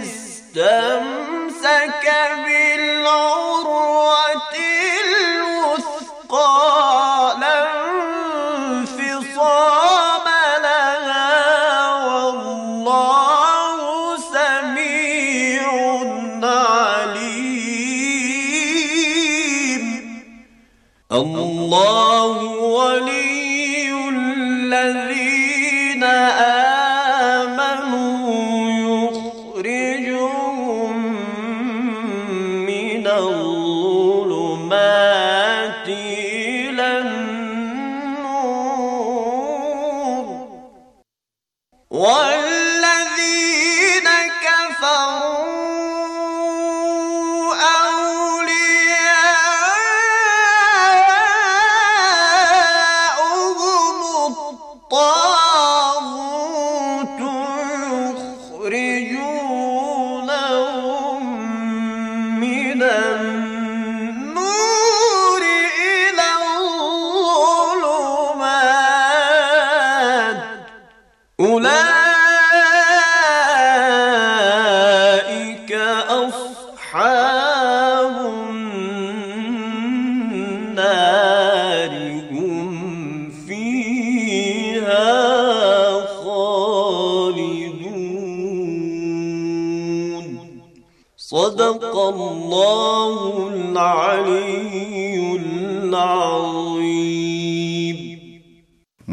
استمتع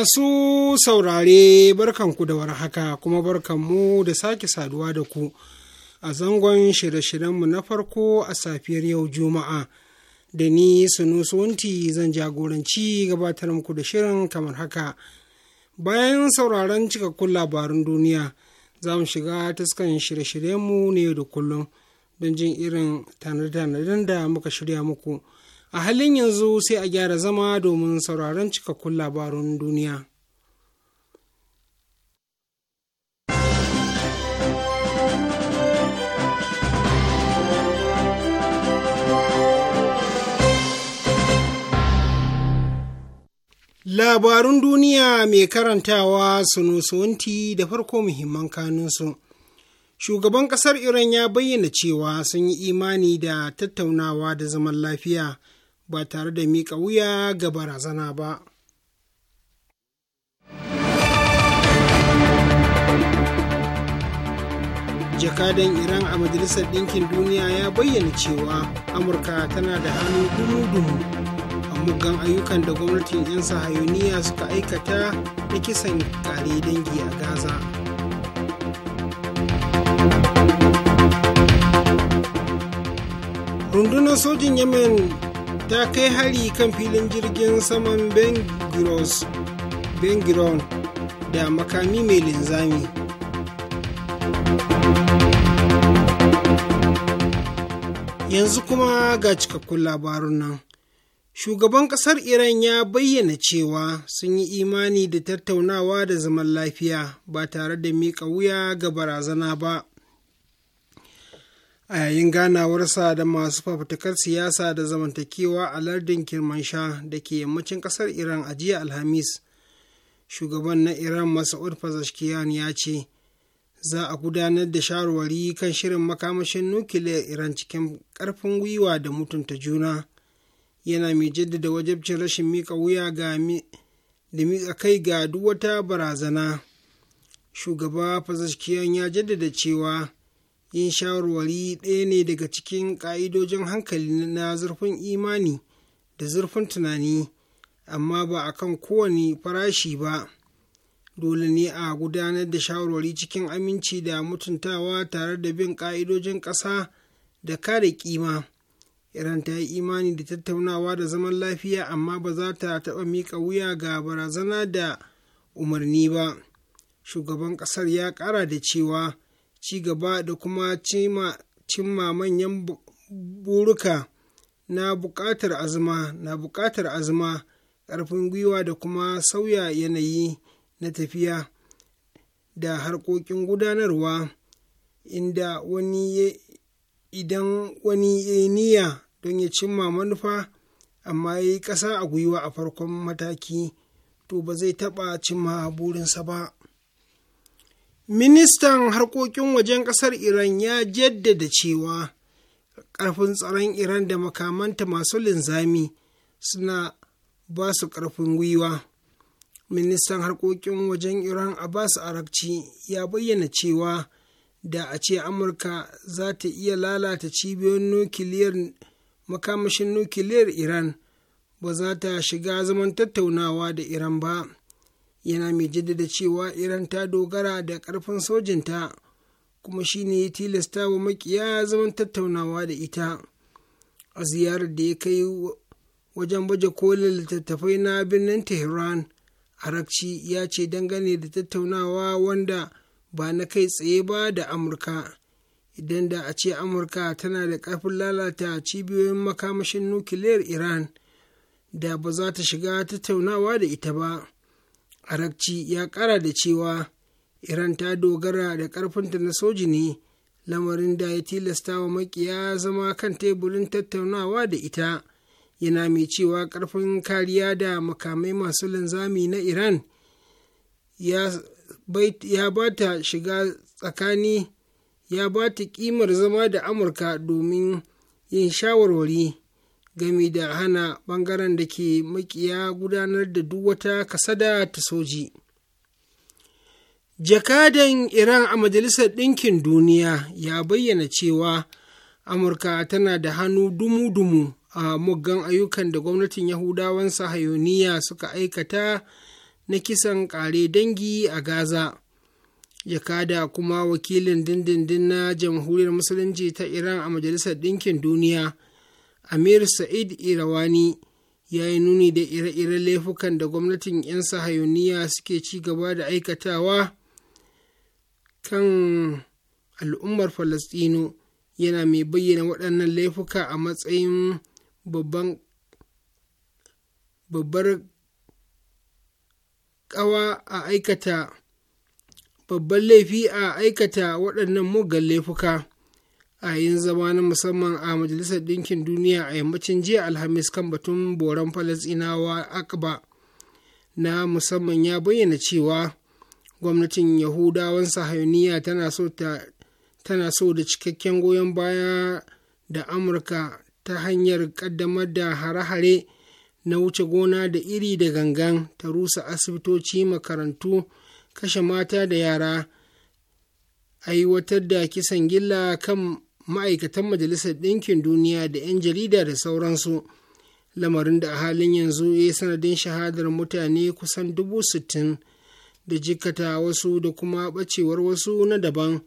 Masu saurare barkanku da warhaka kuma barkanmu da sake saduwa da ku a zangon shirye-shiryenmu na farko a safiyar yau Juma'a. Da ni Sunusunti zan jagoranci gabatar muku da shirin kamar haka. Bayan sauraron cikakkun labarin duniya, za mu shiga taskan shirye-shiryenmu ne da kullum don jin irin tanadar da muka shirya muku. a halin yanzu sai a gyara zama domin sauraron cikakkun labarun duniya Labarun duniya mai karantawa sunusunti da farko muhimman kanunsu. Shugaban ƙasar Iran ya bayyana cewa sun yi imani da tattaunawa da zaman lafiya ba tare da miƙa wuya ga barazana ba. jakadan iran a majalisar ɗinkin duniya ya bayyana cewa amurka tana da hannu dumu-dumu a muggan ayyukan da gwamnatin 'yan sahayoniya suka aikata na kisan kare dangi a gaza rundunar sojin yemen ta kai hari kan filin jirgin saman bengiron da makami mai linzami yanzu kuma ga cikakkun labarun nan shugaban ƙasar iran ya bayyana cewa sun yi imani da tattaunawa da zaman lafiya ba tare da miƙa wuya ga barazana ba a yayin ganawar sa da masu fafutukar siyasa da zamantakewa a lardin kirmansha da ke yammacin kasar iran a jiya alhamis shugaban na iran masa'ud fazashkiyan ya ce za a gudanar da shawarwari kan shirin makamashin nukiliyar iran cikin karfin gwiwa da mutunta juna yana mai jaddada wajabcin rashin mika wuya ga da mika kai ga duk wata barazana shugaba fazashkiyan ya jaddada cewa yin shawarwari ɗaya ne daga cikin ƙa'idojin hankali na zurfin imani da zurfin tunani amma ba a kan kowane farashi ba dole ne a gudanar da shawarwari cikin aminci da mutuntawa tare da bin ƙa'idojin ƙasa da kare kima iran ta yi imani da tattaunawa da zaman lafiya amma ba za ta taɓa miƙa wuya ga barazana da umarni ba shugaban ƙasar ya ƙara da cewa ci gaba da kuma cimma manyan buruka na buƙatar azuma na buƙatar azuma ƙarfin gwiwa da kuma sauya yanayi na tafiya da harkokin gudanarwa inda wani idan wani ya yi niyya don ya cimma manufa amma ya yi ƙasa a gwiwa a farkon mataki to ba zai taɓa cimma burinsa ba. ministan harkokin wajen ƙasar iran ya jaddada cewa ƙarfin tsaron iran da makamanta masu linzami suna ba su ƙarfin gwiwa ministan harkokin wajen iran a abbas arakci ya bayyana cewa da a ce amurka za ta iya lalata cibiyoyin nukiliyar makamashin nukiliyar iran ba za ta shiga zaman tattaunawa da iran ba yana mai jaddada cewa iran ta dogara da karfin sojinta kuma shine ya tilasta wa makiya zaman tattaunawa da ita a ziyarar da ya kai wajen baje kolin littattafai na birnin tehran arakci ya ce dangane da tattaunawa wanda ba na kai tsaye ba da amurka idan da a ce amurka tana da ƙarfin lalata cibiyoyin makamashin nukiliyar iran da ba za ta shiga tattaunawa da ita ba arakci ya kara da cewa iran ta dogara da karfinta na soji ne lamarin da ya tilasta wa makiya zama kan teburin tattaunawa da ita yana mai cewa karfin kariya da makamai masu linzami na iran ya ba ta shiga tsakani ya ba ta kimar zama da amurka domin yin shawarwari gami da hana ɓangaren da ke makiya gudanar da duk wata kasada ta soji. Jakadan Iran a Majalisar Ɗinkin Duniya ya bayyana cewa Amurka tana da hannu dumu-dumu a muggan ayyukan da gwamnatin Yahudawan Sahayoniya suka aikata na kisan ƙare dangi a Gaza. Jakada kuma wakilin dindindin na Jamhuriyar Musulunci ta Iran a Majalisar Ɗinkin Duniya. amir sa'id irawani ya yi nuni da ire-iren laifukan da gwamnatin 'yan sahayuniya suke ci gaba da aikatawa kan al'ummar falastino yana mai bayyana waɗannan laifuka a matsayin babban babbar ƙawa a aikata babban laifi a aikata waɗannan mugan laifuka a yin zama na musamman a majalisar ɗinkin duniya a yammacin jiya alhamis kan batun boran falasinawa akaba na musamman ya bayyana cewa gwamnatin yahudawan sahayuniya tana so tana so da cikakken goyon baya da amurka ta hanyar ƙaddamar da hare-hare na wuce gona da iri da gangan ta rusa asibitoci makarantu kashe mata da yara aiwatar da kisan gilla kan ma'aikatan majalisar ɗinkin duniya da 'yan jarida da sauransu lamarin da a halin yanzu ya yi sanadin shahadar mutane kusan dubu sittin da jikata wasu da kuma ɓacewar wasu na daban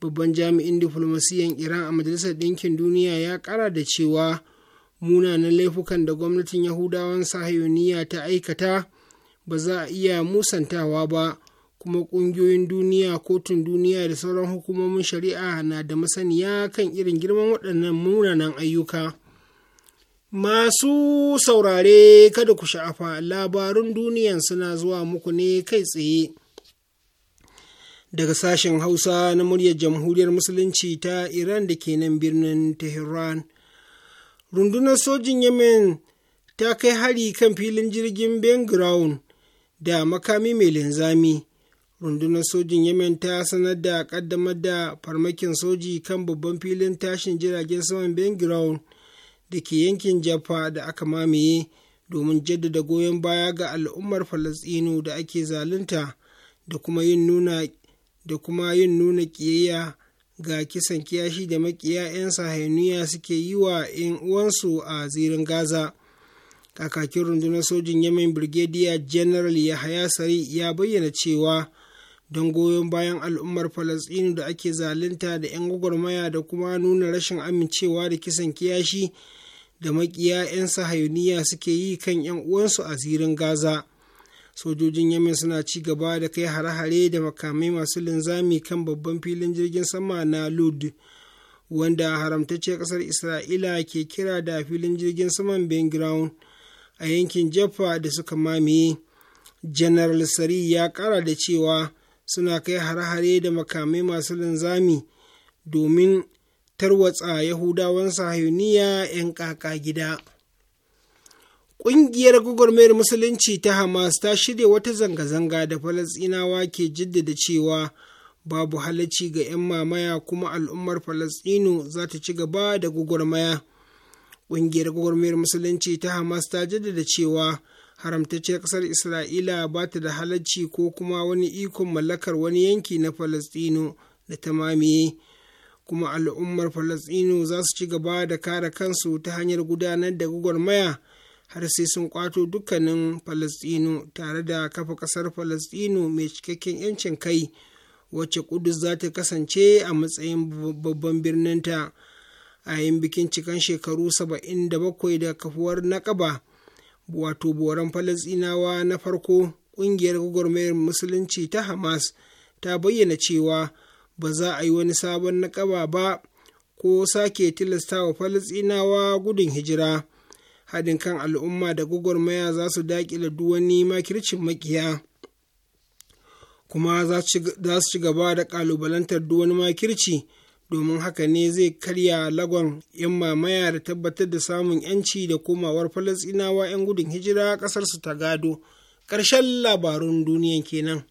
babban jami'in diflomasiyan iran a majalisar ɗinkin duniya ya ƙara da cewa munanan laifukan da gwamnatin yahudawan sahayoniya ta aikata ba za a iya musantawa ba kuma ƙungiyoyin duniya kotun duniya da sauran hukumomin shari'a na da masaniya kan irin girman waɗannan munanan ayyuka masu saurare kada ku sha'afa labarun duniyan suna zuwa muku ne kai tsaye daga sashen hausa na muryar jamhuriyar musulunci ta iran da ke nan birnin tehran rundunar sojin yemen ta kai hari kan filin jirgin ben da makami mai linzami rundunar sojin yemen ta sanar da kaddamar da farmakin soji kan babban filin tashin jiragen saman ben da ke yankin jaffa da aka mamaye domin jaddada goyon baya ga al'ummar falastinu da ake zalunta da kuma yin nuna da kuma yin nuna ƙiyayya ga kisan kiyashi da makiya 'yan sahiniya suke yi wa 'yan uwansu a zirin gaza kakakin rundunar sojin yemen birgediya general yahaya sari ya bayyana cewa don goyon bayan al'ummar falasɗinu da ake zalunta da 'yan gwagwarmaya da kuma nuna rashin amincewa da kisan kiyashi da makiya 'yan sahayuniya suke yi kan 'yan uwansu a zirin gaza sojojin yamin suna ci gaba da kai hare-hare da makamai masu linzami kan babban filin jirgin sama na lud wanda haramtacce kasar isra'ila ke kira da filin jirgin saman ben ground a yankin jaffa da suka mamaye general sari ya kara da cewa suna kai hare-hare da makamai masu linzami domin tarwatsa yahudawan sahayuniya 'yan kaka gida Ƙungiyar gwagwarmayar Musulunci ta Hamas ta shirya wata zanga-zanga da Falasɗinawa ke jaddada cewa babu halacci ga 'yan mamaya kuma al'ummar Falasɗinu za ta ci gaba da gwagwarmaya. Ƙungiyar gwagwarmayar Musulunci ta Hamas ta jaddada cewa haramtacciyar ƙasar isra'ila ba ta da halacci ko kuma wani ikon mallakar wani yanki na falastino da ta mamaye kuma al'ummar falastino za su ci gaba da kare kansu ta hanyar gudanar da maya, har sai sun kwato dukkanin falastino tare da kafa ƙasar falastino mai cikakken 'yancin kai wacce kudus za ta kasance a matsayin babban birninta a yin bikin cikan shekaru 77 da kafuwar naƙaba. wato boran falasinawa na farko ƙungiyar gwagwarmayar musulunci ta hamas ta bayyana cewa ba za a yi wani sabon naƙaba ba ko sake tilasta wa falasinawa gudun hijira haɗin kan al'umma da gwagwarmaya za su daƙila duwani makircin makiya kuma za su ci gaba da ƙalubalantar duwani makirci domin haka ne zai karya lagon 'yan mamaya da tabbatar da samun 'yanci da komawar falasinawa 'yan gudun hijira ƙasarsu ta gado ƙarshen labarun duniyan kenan.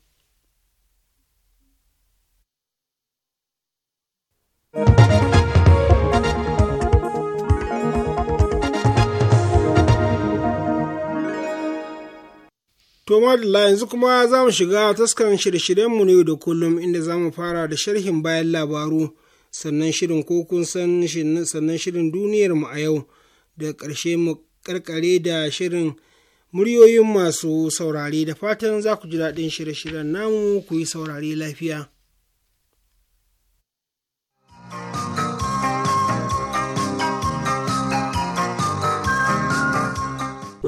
da yanzu kuma za mu shiga taskan shirye-shiryenmu ne da kullum inda za mu fara da sharhin bayan labaru. sannan shirin ko kun san sannan shirin duniyar mu a yau da ƙarshe mu karkare da shirin muryoyin masu saurare da fatan za ku ji daɗin shirye-shiryen namu ku yi saurare lafiya.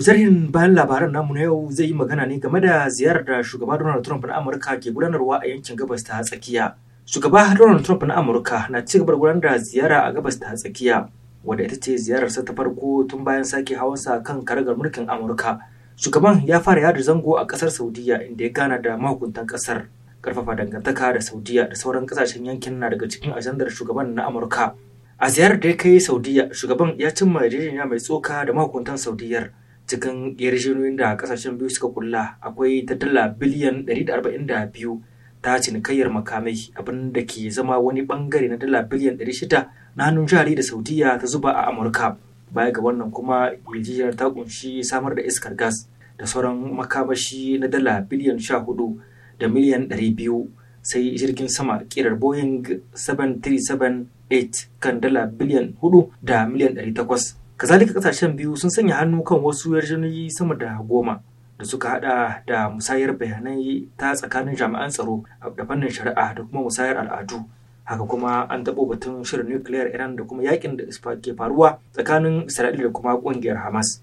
Zarhin bayan labaran namu na yau zai yi magana ne game da ziyarar da shugaba Donald Trump na Amurka ke gudanarwa a yankin gabas ta tsakiya. Shugaba Donald Trump na Amurka na ci gaba gudanar da ziyara a gabas ta tsakiya wadda ita ce ziyararsa ta farko tun bayan sake hawansa kan karagar mulkin Amurka. Shugaban ya fara yada zango a kasar Saudiya inda ya gana da mahukuntan kasar. Karfafa dangantaka da Saudiya da sauran kasashen yankin na daga cikin ajandar shugaban na Amurka. A ziyarar da ya kai Saudiya, shugaban ya cimma yarjejeniya mai tsoka da mahukuntan Saudiyar. Cikin yarjejeniyoyin da kasashen biyu suka kulla akwai ta dala biliyan 142 ta cinikayyar makamai abin da ke zama wani bangare na dala biliyan 600 na hannun jari da saudiya ta zuba a amurka baya ga wannan kuma yarjejeniyar ta kunshi samar da iskar gas da sauran makamashi na dala biliyan 14 da miliyan 200 sai jirgin sama kirar boeing 737 kan dala biliyan 4 da miliyan 800 kazalika kasashen biyu sun sanya hannu kan wasu yarjejeniyoyi sama da goma da suka hada da musayar bayanai ta tsakanin jami'an tsaro da fannin shari'a da kuma musayar al'adu haka kuma an taɓo batun shirin nukiliyar iran da kuma yakin da ke faruwa tsakanin isra'ila da kuma ƙungiyar hamas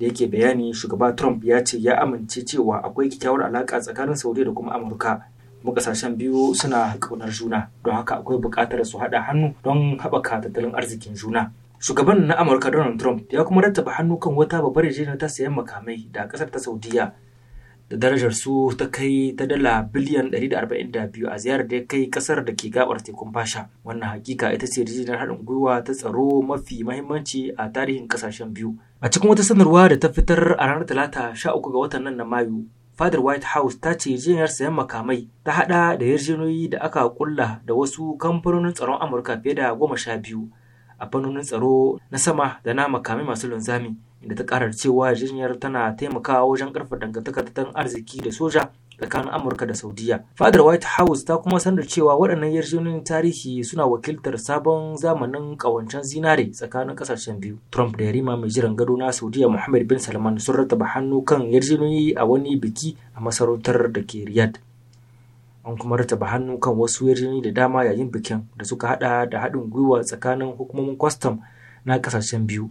da yake bayani shugaba trump ya ce ya amince cewa akwai kyakkyawar alaka tsakanin saudi da kuma amurka kuma kasashen biyu suna ƙaunar juna don haka akwai buƙatar su haɗa hannu don haɓaka tattalin arzikin juna Shugaban na Amurka Donald Trump ya kuma rattaba hannu kan wata babbar yarjejeniyar ta sayan makamai da kasar ta Saudiya da darajar su ta kai ta dala biliyan 142 a ziyarar da ya kai kasar da ke gabar tekun fasha wannan hakika ita ce rijiyar haɗin gwiwa ta tsaro mafi mahimmanci a tarihin kasashen biyu a cikin wata sanarwa da ta fitar a ranar talata 13 ga watan nan na mayu fadar white house ta ce rijiyar sayan makamai ta hada da yarjejeniyoyi da aka kulla da wasu kamfanonin tsaron amurka fiye da goma sha biyu a fannonin tsaro na sama da na makamai masu linzami inda ta karar cewa yarjejeniyar tana taimakawa wajen karfa dangantakar tattalin arziki da soja tsakanin amurka da saudiya fadar white house ta kuma sanar cewa waɗannan yarjejeniyoyin tarihi suna wakiltar sabon zamanin ƙawancen zinare tsakanin ƙasashen biyu trump da yarima mai jiran gado na saudiya muhammad bin salman sun rattaba hannu kan yarjejeniyoyi a wani biki a masarautar da ke riyadh an kuma rataba hannu kan wasu yarjejeni da dama yayin bikin da suka hada da haɗin gwiwa tsakanin hukumomin kwastam na kasashen biyu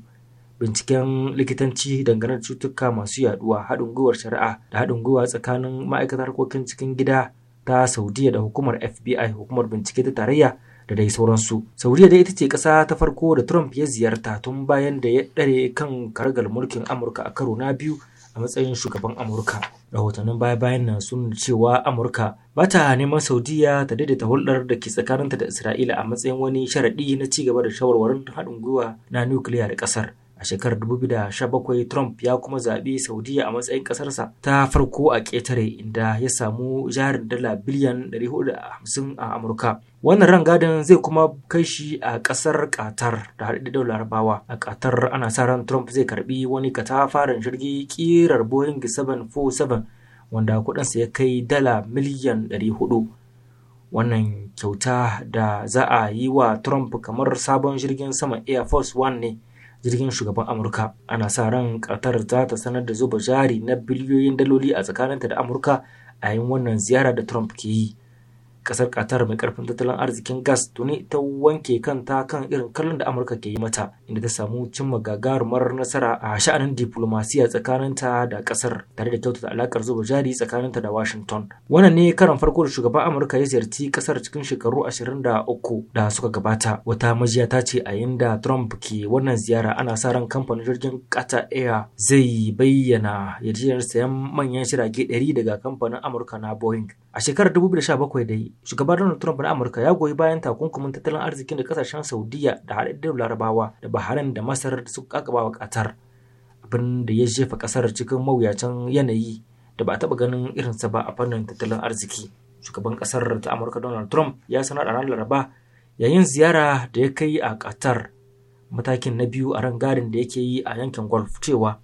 binciken likitanci dangane da cututtuka masu yaduwa haɗin gwiwar shari'a da haɗin gwiwa tsakanin ma'aikatar harkokin cikin gida ta saudiya da hukumar fbi hukumar bincike ta tarayya da dai sauransu saudiya dai ita ce ƙasa ta farko da trump ya ziyarta tun bayan da ya ɗare kan kargal mulkin amurka a karo na biyu a matsayin shugaban amurka rahotannin baya-bayan nan sun cewa amurka ba ta neman saudiya ta daidaita hulɗar da ke tsakaninta da isra'ila a matsayin wani sharaɗi na ci gaba da shawarwarin haɗin gwiwa na nukiliya da ƙasar A shekarar 2017 Trump ya kuma zaɓi Saudiya a matsayin ƙasarsa ta farko a ƙetare inda ya samu jarin dala biliyan 450 a Amurka. Wannan rangadin zai kuma kai shi a ƙasar Qatar da haɗaɗɗen Larabawa. A Qatar ana sa ran Trump zai karbi wani katafaren jirgi ƙirar Boeing 747 wanda kuɗinsa ya kai dala miliyan 400. Wannan kyauta da za a yi wa Trump kamar sabon jirgin sama Air Force One ne. jirgin shugaban amurka ana sa ran qatar za ta sanar da zuba jari na biliyoyin daloli a tsakaninta da amurka a yin wannan ziyara da trump ke yi kasar qatar mai karfin tattalin arzikin gas tuni ta wanke kanta kan irin kallon da amurka ke yi mata inda ta samu cimma gagarumar nasara a sha'anin diplomasiya tsakaninta da kasar tare da kyautata alakar zuba jari tsakanin ta da washington wannan ne karan farko da shugaban amurka ya ziyarci kasar cikin shekaru 23 da suka gabata wata majiya ta ce a yinda trump ke wannan ziyara ana sa ran kamfanin jirgin qatar air zai bayyana yarjejeniyar sayan manyan shirage 100 daga kamfanin amurka na boeing A shekarar 2017 dai, shugaban Donald Trump na Amurka ya goyi bayan takunkumin tattalin arzikin da kasashen Saudiyya da haɗaɗɗen Larabawa da Bahrain da Masar da suka kakaba wa Qatar, abin da ya jefa ƙasar cikin mawuyacin yanayi da ba a taɓa ganin irinsa ba a fannin tattalin arziki. Shugaban ƙasar ta Amurka Donald Trump ya sanar a ranar Laraba yayin ziyara da ya kai a Qatar matakin na biyu a ran garin da yake yi a yankin Gulf cewa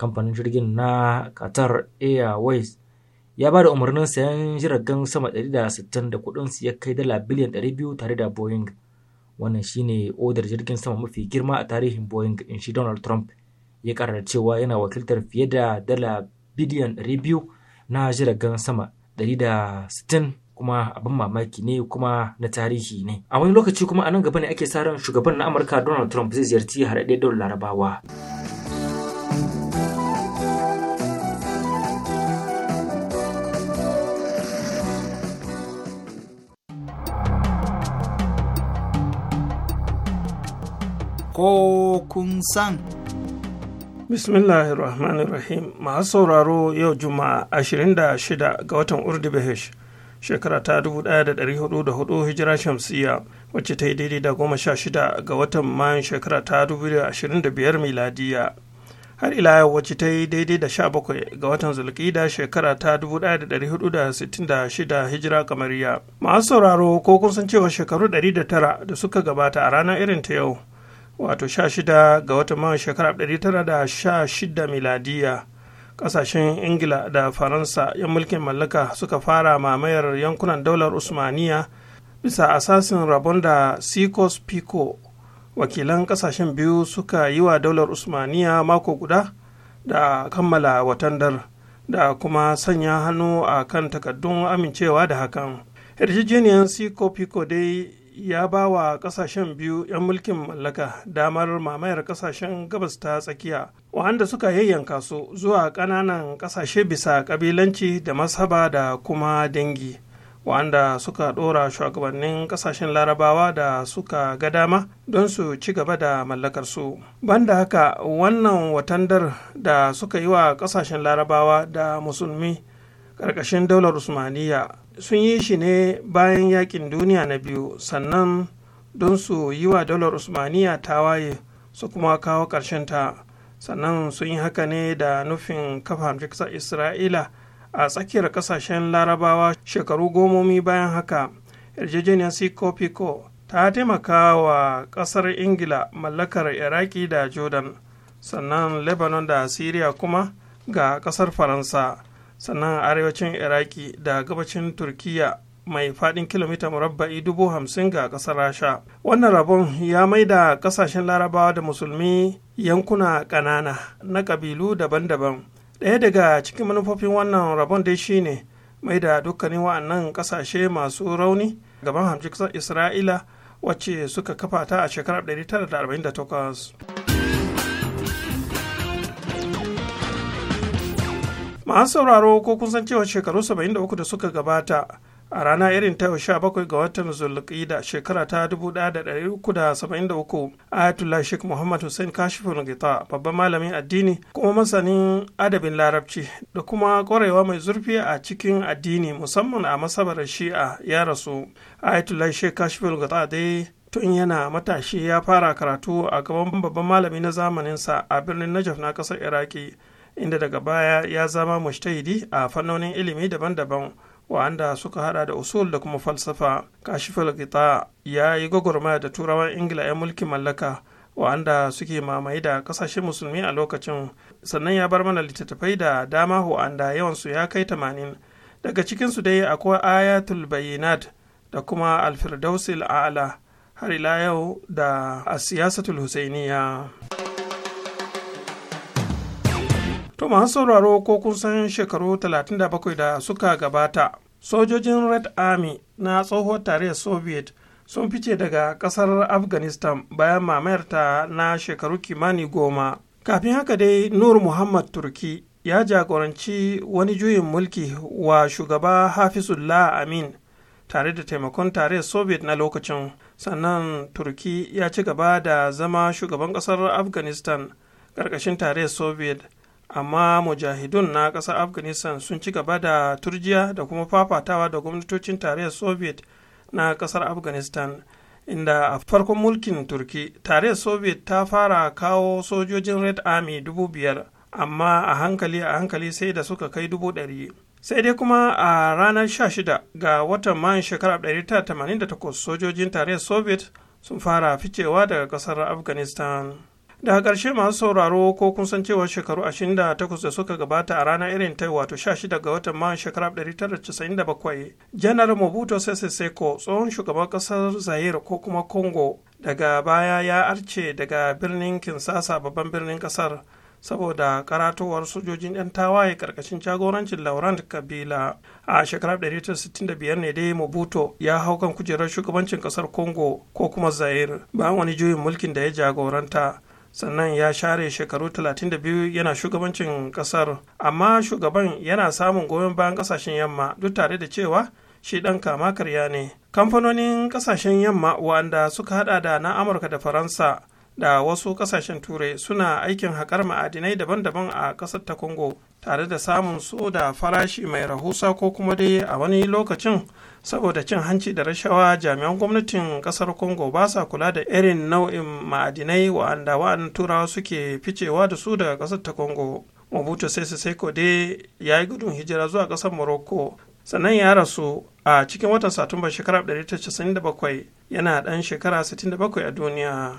kamfanin jirgin na Qatar Airways ya ba da umarnin sayan jiragen sama 160 da kudin su ya kai dala biliyan 200 tare da boeing wannan shine odar jirgin sama mafi girma a tarihin boeing in shi donald trump ya karar cewa yana wakiltar fiye da dala biliyan 200 na jiragen sama 160 kuma abin mamaki ne kuma na tarihi ne a wani lokaci kuma a nan gaba ne ake sa ran shugaban na amurka donald trump zai ziyarci haɗaɗɗen daular larabawa. ko kun san. Bismillahirrahmanirrahim masu sauraro yau Juma'a 26 ga watan Urdubahesh shekara ta 1404 hijira shamsiyya wacce ta yi daidai da goma sha shida ga watan mayan shekara ta 2025 miladiya har ila yau wacce ta yi daidai da 17 ga watan zulkida shekara ta 1466 hijira kamariya masu sauraro ko kun san cewa shekaru 109 da suka gabata a ranar irin ta yau wato 16 ga watan da sha 1916 miladiya kasashen ingila da faransa yan mulkin mallaka suka fara mamayar yankunan daular usmaniya bisa asasin rabon da sikos pico wakilan kasashen biyu suka yi wa daular usmaniya mako guda da kammala watandar da kuma sanya hannu a kan takaddun amincewa da hakan yarjejeniyar sikopiko dai ya ba wa kasashen biyu 'yan mulkin mallaka damar mamayar kasashen gabas ta tsakiya wanda suka yayyanka su zuwa ƙananan kasashe bisa ƙabilanci da mashaba da kuma dangi wanda suka ɗora shugabannin ƙasashen larabawa da suka ga dama don su ci gaba da mallakar su banda haka wannan watandar da suka yi wa ƙasashen larabawa da musulmi ƙarƙashin daular usmaniya sun yi shi ne bayan yakin duniya na biyu sannan don su yi wa dalar usmaniya waye su kuma kawo ta sannan sun yi haka ne da nufin kafa amfikisar isra'ila a tsakiyar kasashen larabawa shekaru gomomi bayan haka yarjejeniyar sikopiko ta taimaka wa kasar ingila mallakar iraki da jordan sannan lebanon da syria kuma ga kasar faransa sannan a arewacin iraki da gabacin turkiya mai faɗin kilomita murabba'i dubu hamsin ga ƙasar rasha wannan rabon ya maida ƙasashen larabawa da musulmi yankuna ƙanana na kabilu daban-daban ɗaya daga cikin manufofin wannan rabon dai shine mai da dukkanin wa'annan ƙasashe masu rauni gaban hamsin isra'ila wacce suka kafa ta a shekarar 1948 masu sauraro ko kun san cewa shekaru 73 da suka gabata a rana irin ta 17 ga watan zulqida shekara ta 1373 Ayatullah sheikh muhammad hussein kashifun gita babban malamin addini kuma masanin adabin larabci da kuma ƙwarewa mai zurfi a cikin addini musamman a masabar shi'a ya rasu Ayatullah sheikh kashifun gita dai tun yana matashi ya fara karatu a gaban babban malami na zamaninsa a birnin najaf na ƙasar iraki inda daga baya ya zama mushtahidi a fannonin ilimi daban-daban wa'anda suka hada da usul da kuma falsafa kashifal gita ya yi gwagwarmaya da turawan ingila 'yan mulkin mallaka wa'anda suke mamaye da ƙasashen musulmi a lokacin sannan ya bar mana littattafai da dama wa'anda yawansu ya kai tamanin daga cikinsu dai akwai ayatul bayinat da kuma alfirdausil a'ala har ila yau da asiyasatul husainiya. To masu sauraro ko kun san shekaru 37 da suka gabata, sojojin Red Army na tsohon tarayyar Soviet sun fice daga kasar Afghanistan bayan mamayarta na shekaru kimani goma. Kafin haka dai Nur Muhammad Turki ya jagoranci wani juyin mulki wa shugaba Hafizullah Amin tare da taimakon tarayyar Soviet na lokacin. Sannan Turki ya ci gaba da zama shugaban kasar Afghanistan ƙarƙashin tarayyar Soviet. amma mujahidun na ƙasar afghanistan sun ci gaba da turjiya da kuma fafatawa da gwamnatocin tarayyar soviet na ƙasar afghanistan inda a farkon mulkin turki tarayyar soviet ta fara kawo sojojin red army dubu biyar amma a hankali a hankali sai da suka kai dubu ɗari sai dai kuma a ranar 16 ga watan mayan shekarar 1988 sojojin tarayyar soviet sun fara ficewa daga ƙasar afghanistan daga ƙarshe masu sauraro ko kun san cewa shekaru 28 da suka gabata a ranar irin ta wato 16 ga watan mayu shekarar 1997 janar mobuto sese seko tsohon shugaban ƙasar zaire ko kuma congo daga baya ya arce daga birnin kinsasa babban birnin ƙasar saboda karatowar sojojin 'yan tawaye karkashin jagorancin laurent kabila a shekarar 1965 ne dai mobuto ya hau kan kujerar shugabancin ƙasar congo ko kuma zaire bayan wani juyin mulkin da ya jagoranta sannan ya share shekaru 32 yana shugabancin kasar amma shugaban yana samun goyon bayan kasashen yamma duk tare da cewa shi dan kama karya ne kamfanonin kasashen yamma wanda suka hada da na amurka da faransa da wasu kasashen turai suna aikin haƙar ma'adinai daban-daban a ƙasar ta kongo tare da samun su da farashi mai rahusa ko kuma dai a wani lokacin saboda cin hanci da rashawa jami'an gwamnatin kasar congo ba sa kula da irin nau'in ma'adinai wa'anda wa'an turawa suke ficewa da su daga kasar ta congo mobutu sai seko dai ya yi gudun hijira zuwa kasar morocco sannan ya rasu a cikin watan satumba shekarar 1997 yana dan shekara 67 a duniya.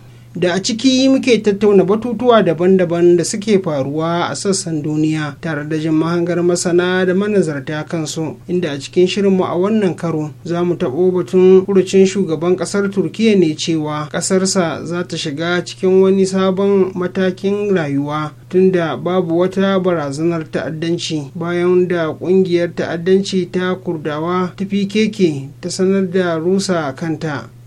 da a ciki muke tattauna batutuwa daban-daban da suke faruwa a sassan duniya tare da jin mahangar masana da manazarta kansu inda a cikin shirinmu a wannan karo za mu taɓo batun furucin shugaban ƙasar turkiya ne cewa ƙasarsa za ta shiga cikin wani sabon matakin rayuwa tunda babu wata barazanar ta'addanci bayan da ƙungiyar ta'addanci ta kurdawa ta keke ta sanar da rusa kanta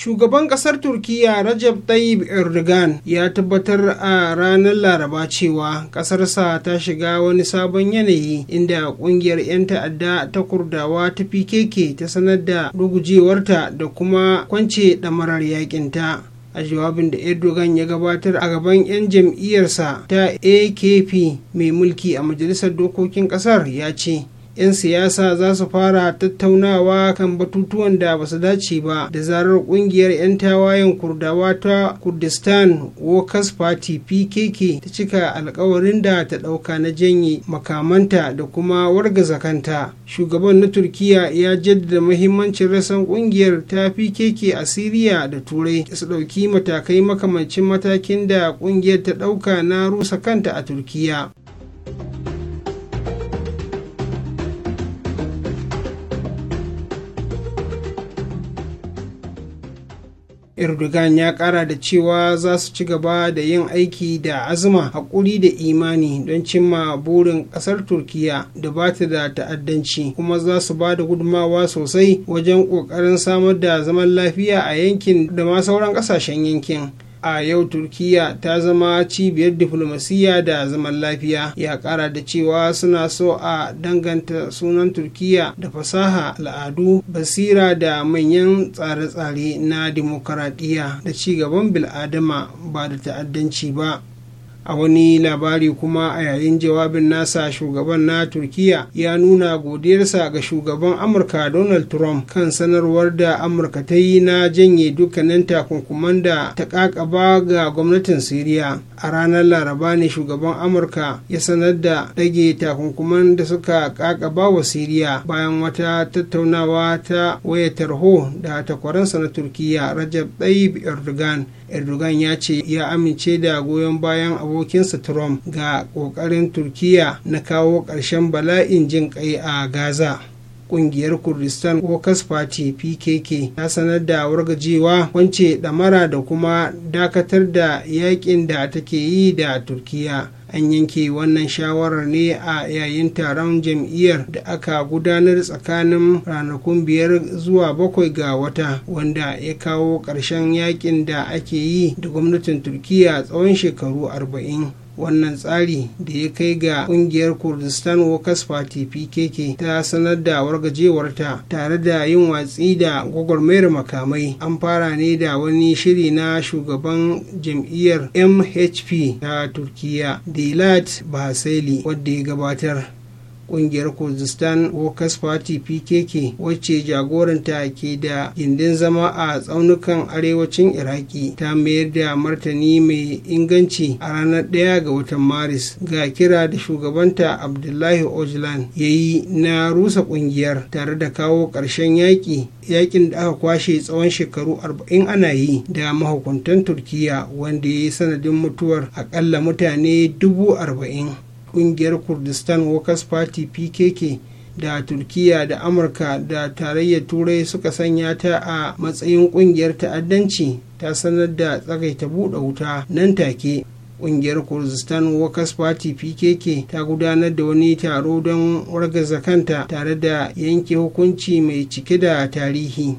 shugaban kasar turkiya rajab tayyip erdogan ya tabbatar a ranar laraba cewa kasarsa ta shiga wani sabon yanayi inda kungiyar 'yan ta'adda ta kurdawa ta pkk ta sanar da rugujewarta da kuma kwance ɗamarar yakinta a jawabin da erdogan ya gabatar a gaban 'yan jam'iyyarsa ta akp mai mulki a majalisar dokokin kasar ya ce 'yan siyasa za su fara tattaunawa kan batutuwan da ba su dace ba da zarar kungiyar 'yan tawayen kurdawa ta kurdistan workers party pkk ta cika alkawarin da ta dauka na janye makamanta da kuma wargaza kanta shugaban na turkiya ya jaddada mahimmancin rasan kungiyar ta pkk a siriya da turai su dauki matakai makamancin matakin da kungiyar ta dauka na rusa kanta a turkiya erdogan ya kara da cewa za su ci gaba da yin aiki da azuma haƙuri da imani don cimma burin ƙasar turkiya da ba ta da ta'addanci kuma za su ba da gudunmawa sosai wajen ƙoƙarin samar da zaman lafiya a yankin da ma sauran ƙasashen yankin a yau turkiya ta zama cibiyar diflomasiyya da zaman lafiya ya kara da cewa suna so a danganta sunan turkiya da fasaha al'adu basira da manyan tsare-tsare na dimokuraɗiyya da ci gaban bil'adama ba da ta'addanci ba a wani labari kuma a yayin jawabin nasa shugaban na turkiya ya nuna godiyarsa ga shugaban amurka donald trump kan sanarwar da amurka ta yi na janye dukkanin takunkuman da ta kakaba ga gwamnatin siriya a ranar laraba ne shugaban amurka ya sanar da ɗage takunkuman da suka kakaba wa siriya bayan wata tattaunawa ta wayar tarho da takwaransa na turkiya rajab tayyip erdogan erdogan ya ce ya amince da goyon bayan abokinsa trump ga ƙoƙarin turkiya na kawo ƙarshen bala'in jin ƙai a gaza kungiyar kurdistan workers party pkk ta sanar da wargajewa wance damara da kuma dakatar da yakin da take yi da turkiya an yanke wannan shawarar ne a yayin taron jam'iyyar da aka gudanar tsakanin ranakun biyar zuwa bakwai ga wata wanda ya kawo ƙarshen yakin da ake yi da gwamnatin turkiya tsawon shekaru arba'in wannan tsari da ya kai ga kungiyar kurdistan workers party pkk ta sanar da wargajewarta tare da yin watsi da gwagwarmayar makamai an fara ne da wani shiri na shugaban jam'iyyar mhp ta turkiya delat baseli wadda ya gabatar kungiyar kurdistan workers party pkk wacce jagoranta ke da gindin zama a tsaunukan arewacin iraki ta mayar da martani mai inganci a ranar 1 ga watan maris ga kira da shugabanta abdullahi ojlan ya yi na rusa kungiyar tare da kawo ƙarshen yaƙi yakin da aka kwashe tsawon shekaru 40 ana yi da mahukuntan turkiya wanda ya yi sanadin mutuwar akalla mutane dubu arba'in kungiyar kurdistan workers party pkk da turkiya da amurka da tarayyar turai suka sanya ta a matsayin kungiyar ta'addanci ta sanar da tsagaita buɗe wuta nan take kungiyar kurdistan workers party pkk ta gudanar da wani taro don wargaza kanta tare da yanke hukunci mai cike da tarihi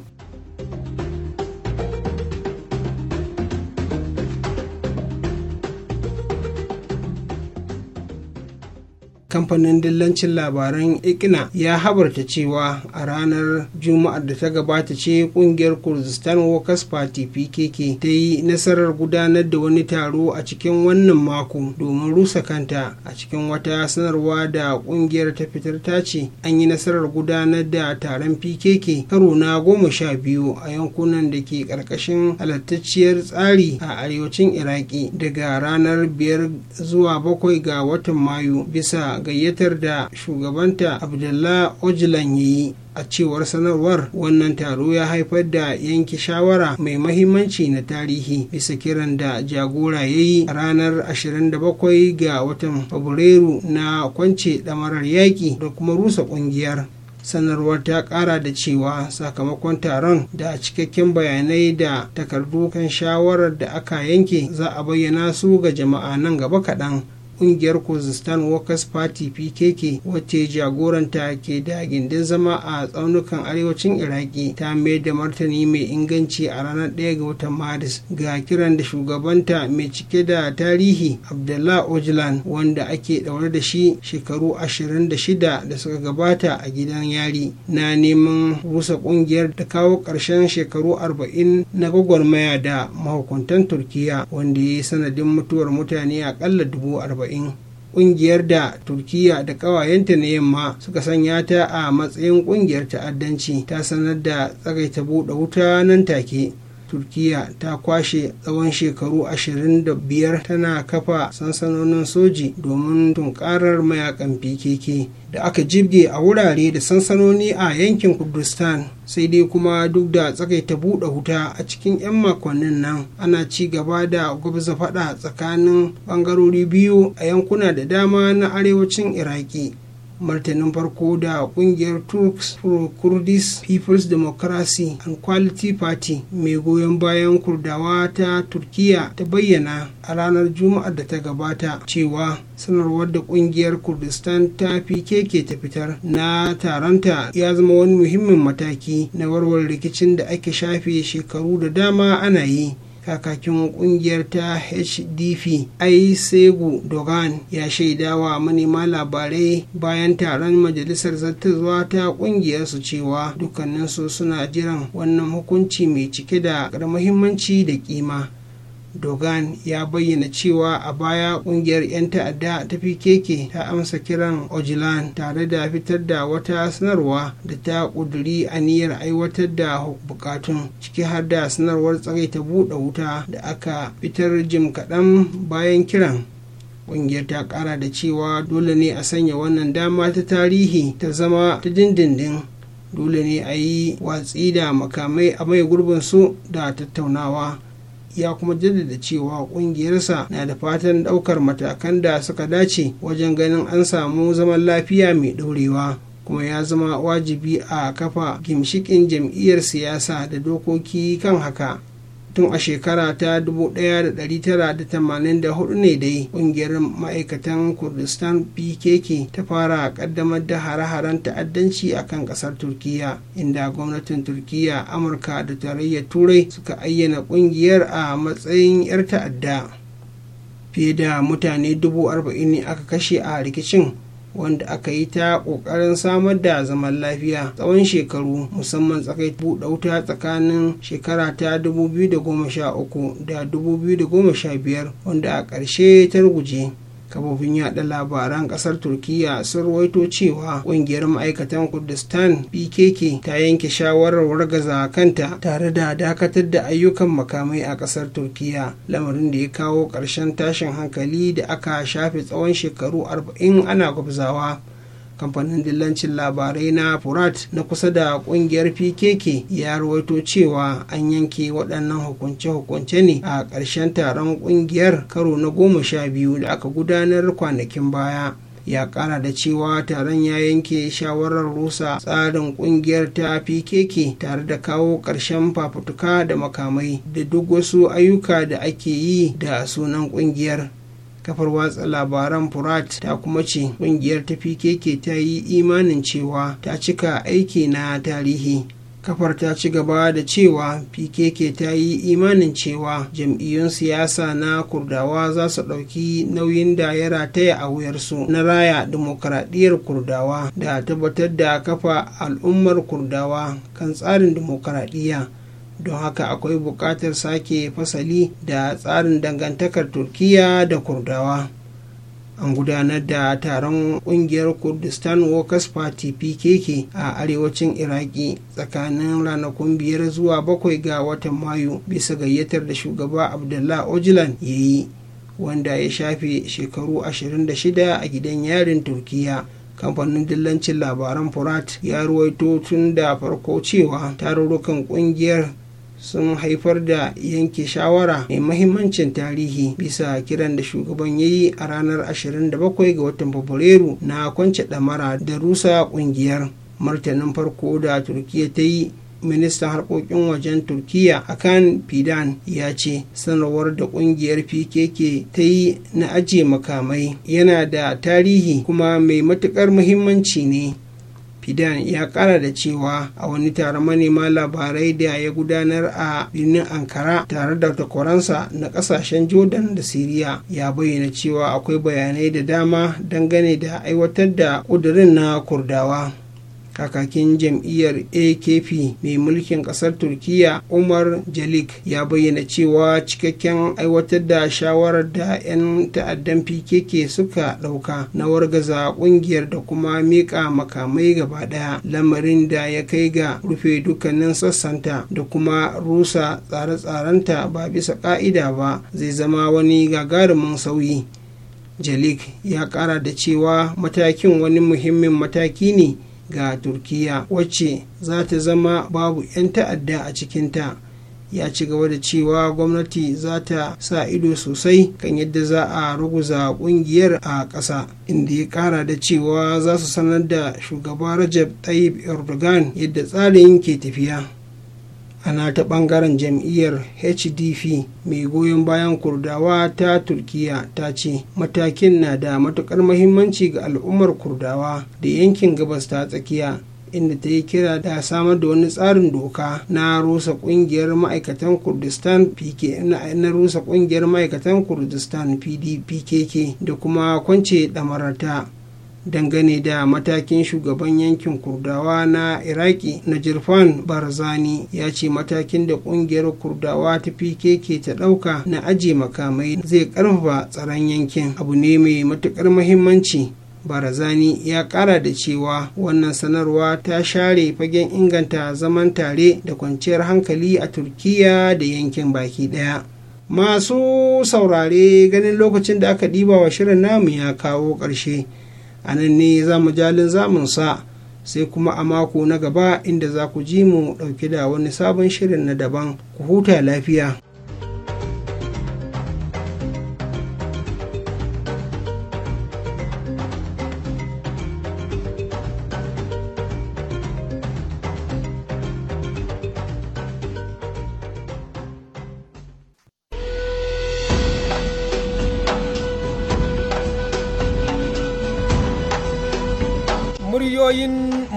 kamfanin dillancin labaran ikina ya habarta cewa a ranar juma'ar da ta gabata ce kungiyar kurdistan workers party pkk ta yi nasarar gudanar da wani taro a cikin wannan mako domin rusa kanta a cikin wata sanarwa da kungiyar ta fitar ta ce an yi nasarar gudanar da taron pkk karo na goma sha biyu a yankunan da ke karkashin halattacciyar tsari a arewacin iraki daga ranar biyar zuwa bakwai ga watan mayu bisa gayyatar da shugabanta abdullah ojilan yi a cewar sanarwar wannan taro ya haifar da yanke shawara mai mahimmanci na tarihi bisa kiran da jagora ya yi a ranar 27 ga watan fabrairu na kwance damarar yaƙi da kuma rusa ƙungiyar sanarwar ta ƙara da cewa sakamakon taron da cikakken bayanai da takardu kan shawarar da aka yanke za a bayyana su ga jama'a nan gaba kaɗan kungiyar kurdistan workers party pkk wacce jagoranta ke da gindin zama a tsaunukan arewacin iraki ta mai da martani mai inganci a ranar 1 ga watan maris ga kiran da shugabanta mai cike da tarihi abdullah ojlan wanda ake daure da shi shekaru 26 da suka gabata a gidan yari na neman rusa kungiyar da kawo ƙarshen shekaru 40 na gwagwarmaya da mahukuntan turkiya wanda ya yi sanadin mutuwar mutane akalla dubu arba'in arba'in kungiyar da turkiya da ƙawayenta na yamma suka sanya ta a matsayin ƙungiyar ta'addanci ta sanar da tsagaita buɗe wuta nan take turkiya ta kwashe tsawon shekaru 25 tana kafa sansanonin soji domin tunkarar mayakan pkk da aka jibge a wurare da sansanoni a yankin kurdistan sai dai kuma duk da tsakaita buɗe wuta a cikin 'yan makonnin nan ana ci gaba da gwabza faɗa tsakanin ɓangarori biyu a yankuna da dama na arewacin iraki martanin farko da kungiyar turks pro kurdish people's democracy and quality party mai goyon bayan kurdawa ta turkiya ta bayyana a ranar juma'ar da ta gabata cewa sanarwar da kungiyar kurdistan ta pkk ta fitar na taronta ya zama wani muhimmin mataki na warware rikicin da ake shafe shekaru da dama ana yi kakakin kungiyar ta hdp I.Segu dogan ya shaidawa manema labarai bayan taron majalisar zartarwa ta ƙungiyarsu cewa dukkaninsu suna jiran wannan hukunci mai cike da muhimmanci da kima Dogan ya bayyana cewa a baya kungiyar 'yan ta'adda ta keke ta amsa kiran Ojilan tare da fitar da wata sanarwa da ta kuduri aniyar aiwatar da bukatun ciki har da sanarwar tsagai ta buɗe wuta da aka fitar jim kaɗan bayan kiran kungiyar ta ƙara da cewa dole ne a sanya wannan dama ta tarihi ta zama ta dindindin dole ne a yi watsi da makamai a mai gurbinsu da tattaunawa ya kuma jaddada cewa kungiyarsa na da fatan daukar matakan da suka dace wajen ganin an samu zaman lafiya mai ɗorewa, kuma ya zama wajibi a kafa gimshikin jam'iyyar siyasa da dokoki kan haka tun a shekara ta 1984 ne dai kungiyar ma'aikatan kurdistan pkk ta fara kaddamar da hare-haren ta'addanci a kan kasar turkiya inda gwamnatin turkiya amurka da tarayyar turai suka ayyana ƙungiyar a matsayin 'yar ta'adda fiye da mutane 40,000 arba'in ne aka kashe a rikicin wanda aka yi ta ƙoƙarin samar da zaman lafiya tsawon shekaru musamman tsakai buɗe wuta tsakanin shekara ta 2013 da 2015 wanda a ƙarshe ta ruguje kafofin yaɗa labaran ƙasar turkiya sun ruwaito cewa ƙungiyar ma'aikatan kurdistan pkk ta yanke shawarar wargaza kanta tare da dakatar da ayyukan makamai a ƙasar turkiya lamarin da ya kawo ƙarshen tashin hankali da aka shafe tsawon shekaru arba'in ana gwabzawa kamfanin dillancin labarai na furat na kusa da kungiyar pkk ya rawaito cewa an yanke waɗannan hukunce-hukunce ne a ƙarshen taron kungiyar karo na goma sha biyu da aka gudanar kwanakin baya ya ƙara da cewa taron ya yanke shawarar rusa tsarin kungiyar ta pkk tare da kawo ƙarshen fafutuka da makamai da duk wasu ayyuka da ake yi da sunan kungiyar kafar watsa labaran furat ta kuma ce kungiyar ta pkk ta yi imanin cewa ta cika aiki na tarihi kafar ta ci gaba da cewa pkk ta yi imanin cewa jam'iyyun siyasa na kurdawa za su ɗauki nauyin da ya rataya a wuyarsu na raya dimokuraɗiyyar kurdawa da tabbatar da kafa al'ummar kurdawa kan tsarin dimokuraɗiyya don haka akwai buƙatar sake fasali da tsarin dangantakar turkiya da kurdawa an gudanar da taron ƙungiyar kurdistan workers party pkk a arewacin iraki tsakanin ranakun biyar zuwa bakwai ga watan mayu bisa gayyatar da shugaba abdullah ojilan ya yi wanda ya shafe shekaru 26 a gidan yarin turkiya kamfanin dillancin labaran furat ya ruwaito tun da farko cewa tarurrukan kungiyar sun haifar da yanke shawara mai mahimmancin tarihi bisa kiran da shugaban yayi a ranar 27 ga watan fabrairu na kwance ɗamara da rusa ƙungiyar martanin farko da turkiya ta yi ministan harkokin wajen turkiya akan fidan ya ce sanarwar da kungiyar pkk ta yi na ajiye makamai yana da tarihi kuma mai matukar muhimmanci ne fidan ya kara da cewa a wani taron manema labarai da ya gudanar a birnin ankara tare da takwaransa na kasashen jordan da siriya ya bayyana cewa akwai bayanai da dama dangane da aiwatar da kudurin na kurdawa kakakin jam'iyyar akp mai mulkin kasar turkiya umar jalik ya bayyana cewa cikakken aiwatar da shawarar da 'yan ta'addan pkk suka ɗauka na wargaza ƙungiyar da kuma miƙa makamai gaba ɗaya lamarin da ya kai ga rufe dukkanin sassanta da kuma rusa tsare-tsarenta ba bisa ƙa'ida ba zai zama wani gagarumin sauyi jalik ya ƙara da cewa matakin wani muhimmin mataki ne ga turkiya wacce za ta zama babu 'yan ta'adda a cikinta ya ci gaba da cewa gwamnati za ta sa ido sosai kan yadda za a ruguza kungiyar a ƙasa inda ya ƙara da cewa za su sanar da shugaba rajab tayyip erdogan yadda tsarin ke tafiya a nata bangaren jam'iyyar hdp mai goyon bayan kurdawa ta turkiya ta ce matakin na da matukar mahimmanci ga al'ummar kurdawa da yankin gabas ta tsakiya inda ta yi kira da samar da wani tsarin doka na rusa kungiyar ma'aikatan kurdistan pk na rusa kungiyar ma'aikatan kurdistan pdpkk da kuma kwance damararta dangane da matakin shugaban yankin kurdawa na iraki na jirfan barzani ya ce matakin da kungiyar kurdawa ta pkk ta dauka na aji makamai zai karfafa tsaron yankin abu ne mai matukar muhimmanci barazani ya kara da cewa wannan sanarwa ta share fagen inganta zaman tare da kwanciyar hankali a turkiya da yankin baki daya masu saurare ganin lokacin da aka ɗiba wa shirin namu ya kawo ƙarshe a nan ne za mu jalin zamun sa sai kuma a mako na gaba inda za ku ji mu dauke da wani sabon shirin na daban ku huta lafiya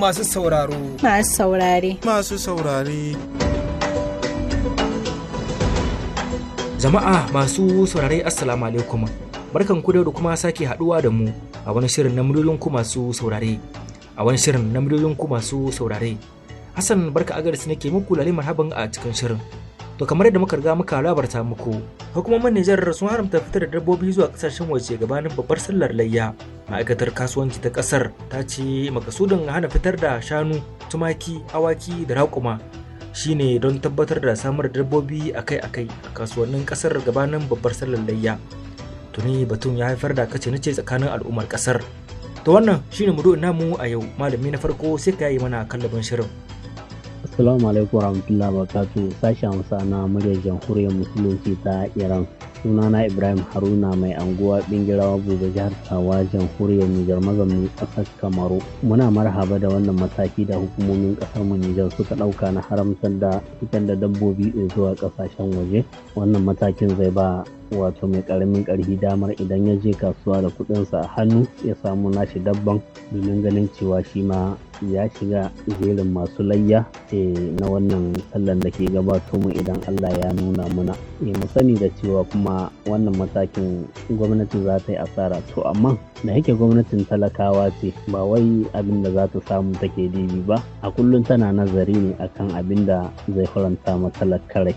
masu sauraro. Masu saurare. Masu saurare. Jama'a masu saurare Assalamu alaikum. Barkan ku da kuma sake haɗuwa da mu a wani shirin na muryoyin ku masu saurare. A wani shirin na muryoyin ku masu saurare. Hassan barka ne nake muku lalle marhaban a cikin shirin. To kamar yadda muka riga muka labarta muku, hukumomin Nijar sun haramta fitar da dabbobi zuwa kasashen waje gabanin babbar sallar layya. Ma'aikatar kasuwanci ta kasar ta ce makasudin hana fitar da shanu, tumaki, awaki da raƙuma shine don tabbatar da samar da dabbobi akai-akai a kasuwannin kasar gabanin babbar sallar layya. Tuni batun ya haifar da kace nace tsakanin al'ummar kasar. To wannan shine mudu'in namu a yau malami na farko sai ka yi mana kallabin shirin. Assalamu alaikum warahmatullahi wabarakatuh sashen Hausa na muryar jamhuriyar musulunci ta Iran. Sunana Ibrahim Haruna mai anguwa bingirawa gobe jihar Tawa jamhuriyar Nijar mazaunin ƙasar Kamaru. Muna marhaba da wannan mataki da hukumomin ƙasar mu Nijar suka ɗauka na haramtar da fitar da dabbobi zuwa ƙasashen waje. Wannan matakin zai ba wato mai karamin karfi damar idan ya je kasuwa da kudinsa a hannu ya samu nashi dabban domin ganin cewa shi ma ya shiga jerin masu layya eh, na wannan sallan da ke gabato mu idan Allah ya nuna muna eh, mu sani da cewa kuma wannan matakin gwamnati za ta yi asara to amma da yake gwamnatin talakawa ce ba wai abin da za ta samu take dibi ba a kullum tana nazari ne akan abin da zai faranta ma talakarai